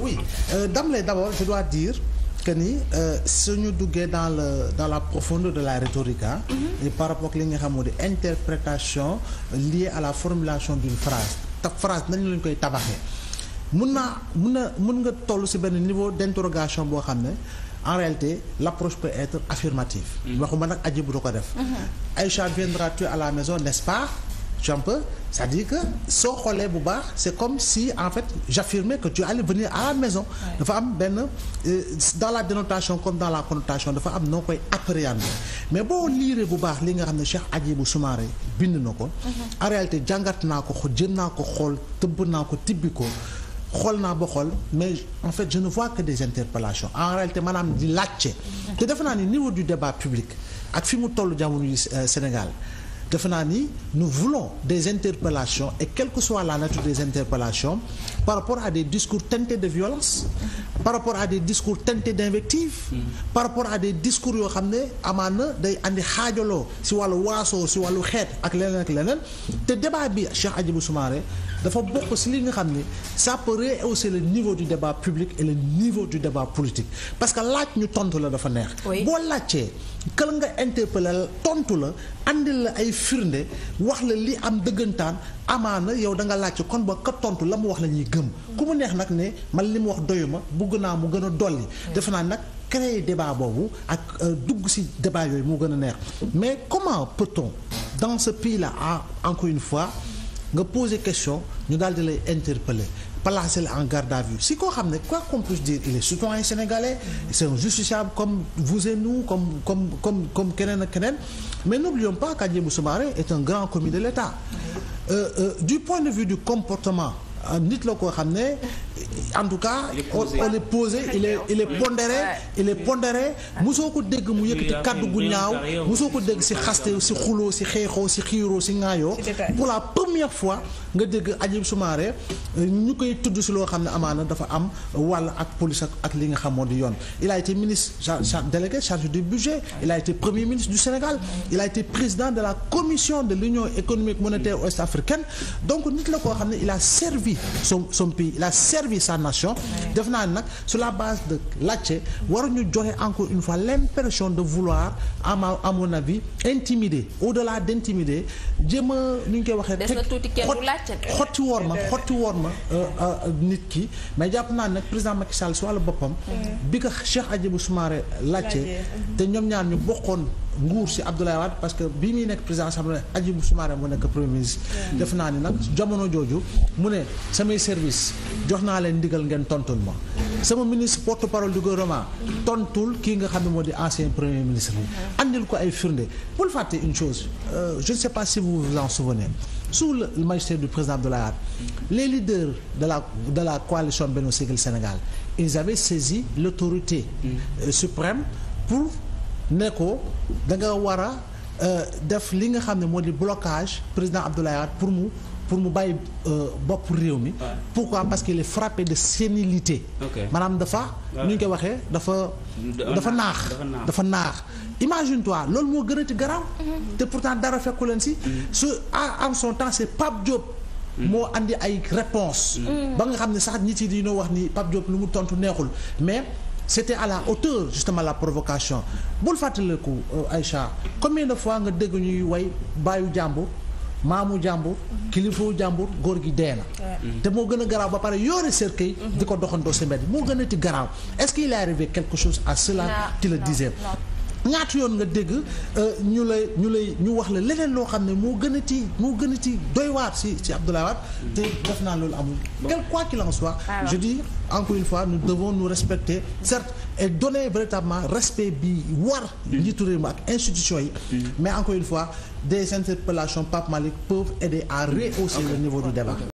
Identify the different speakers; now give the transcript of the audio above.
Speaker 1: oui euh, d'emblée d'abord je dois dire que ni euh, suñu duggee dans le dans la profondeur de la rhétorique ah mm par rapport ak li nga xam moo di interprétation euh, liée à la formulation d'une phrase ta phrase nañ lañ koy tabaxee mun naa mun na mun nga toll si benn niveau d'interrogation boo xam ne en réalité l'approche peut être affirmative mhm. waxuma nag aji bu du ko def mhm. Aïcha viendras-tu à la maison n'est-ce pas c'est-à-dire soo xoolee bu baax c'est comme si en fait j'affirmais que tu allais venir à la maison. dafa am benn euh, dans la dénotation comme dans la connotation dafa am noo koy appréhender mais boo liiree bu baax li nga xam ne Cheikh Hadjibou Soumaré bind na ko. Mhm. en réalité jàngat naa ko jën naa ko xool tëbb naa ko tibbi ko. xool naa ba xool mais en fait je ne vois que des interpellations en réalité maanaam di laajte. Mhm. te defe naa ni niveau du débat public ak fi mu toll jamono yi euh, Sénégal. defe naa ni nous voulons des interpellations et quelques que soit la nature des interpellations par rapport à des discours teintés de violence par rapport à des discours teintés d'invectives par rapport à des discours yoo xam ne amaan na day andi xaajaloo si wàllu waasoo si wàllu xeet ak leneen ak leneen te débat bi Cheikh Hadjibou Soumaré dafa bokk si li nga xam ne ça peut rehausser le niveau du débat public et le niveau du débat politique parce que laaj ñu tontu la dafa neex boo laajtee kël nga interpellé tontu la andi la ay firnde wax la li am dëggantaan amaana yow da nga laajte kon boo ka tontu la mu wax la ñuy gëm. ku mu neex nag ne man li mu wax ma bugg naa mu gën a dolli. defe naa nag créer débat boobu ak euh, dugg ci débat yooyu moo gën a neex mais comment peut-on dans ce pays-là encore une fois nga poser question ñu daal di lay interpeller. placé la en garde à vue si koo xam ne quoi qu'on puisse dire il est citoyen sénégalais c'est un justiciable comme vous et nous comme comme comme comme keneen ak keneen mais n'oublions pas qu'Hadjibou Soumaré est un grand commis de Euh, euh, du point de vue du comportement euh, nit la koo xam ne en tout cas on est posé il est il est pondéré il est pondéré mosoo ko dégg mu yëkkati kàddu gu ñaaw mosoo ko dégg si xaste si xuloo si xeexoo si xiiroo si ŋaayoo pour la première fois nga dégg Adjib Soumaré ñu koy tudd si loo xam ne amaana dafa am wàll ak police ak li nga xamoon di yoon il a été ministre délégué chargé du budget il a été premier ministre du Sénégal il a été président de la commission de l'union économique monétaire ouest africaine donc nit la koo xam ne il a servi servi sa nation. def naa nag sur la base de laajte ñu joxe encore une fois l' impression de vouloir à ma à mon avis intimider au delà d' intimider jéem a nu ñu koy waxee. des na tuuti kenn du xotti woor ma xotti woor ma euh, euh, nit ki mais jàpp naa nag président Macky Sall wàllu boppam. bi ko Cheikh Hadjibou Soumaré laajte te ñoom ñaar ñu bokkoon. nguur si Abdoulaye Wade parce que bi muy nekk président assemblée Hadjibou Soumaré moo nekk premier ministre. def naa ni nag jamono jooju mu ne samay service jox naa leen ndigal ngeen tontul ma. sama ministre porte parole du gouvernement tontul kii nga xam ne moo di ancien premier ministre bi. andil ko ay firnde bul fàtte une chose euh, je ne sais pas si vous vous en souvenez sous le magistère du président Abdoulaye Wade les leaders de la de la coalition Benno Siggil Sénégal ils avaient saisi l'autorité mm. euh, ne ko da nga war a euh, def li nga xam ne moo di blocage président Abdoulaye Wade pour mu pour mu bàyyi euh, bopp réew mi. pour quoi parce qu'il est frappé de sénilité. maanaam dafa. nu ñu koy waxee dafa. dafa naax dafa naax. imagine toi loolu moo gën ci garaaw. Mm-hmm. te pourtant dara fekku leen si. su am mm-hmm. son temps c'est Pape mm-hmm. moo indi ay réponses. ba nga xam ne sax nit yi dañoo wax ni Pape Diop lu mu tontu neexul mais. c'était à la hauteur justement la provocation bul fàttaliku euh, Aïcha combien de fois nga dégg ñuy way baayu jàmbur maamu jàmbur kilifu jàmbur góor gi dee na te moo gën a garaaw ba pare yoore cercueil di ko doxandoo si mbedd moo gën a ti garaaw est-ce qu'il est arrivé quelque chose à cela tu le disais ñaatu yoon nga dégg euh, ñu lay ñu lay ñu wax la leneen loo xam ne moo gën a ci moo gën a ci doy waar si si Abdoulaye Wade te def naa loolu amul quel quoi qu'il en soit ah je dis encore une fois nous devons nous respecter certes et donner véritablement respect bi war njiitu réew mi ak institution yi mais encore une fois des interpellations Pape Malick peuvent aider à rehausser le niveau du débat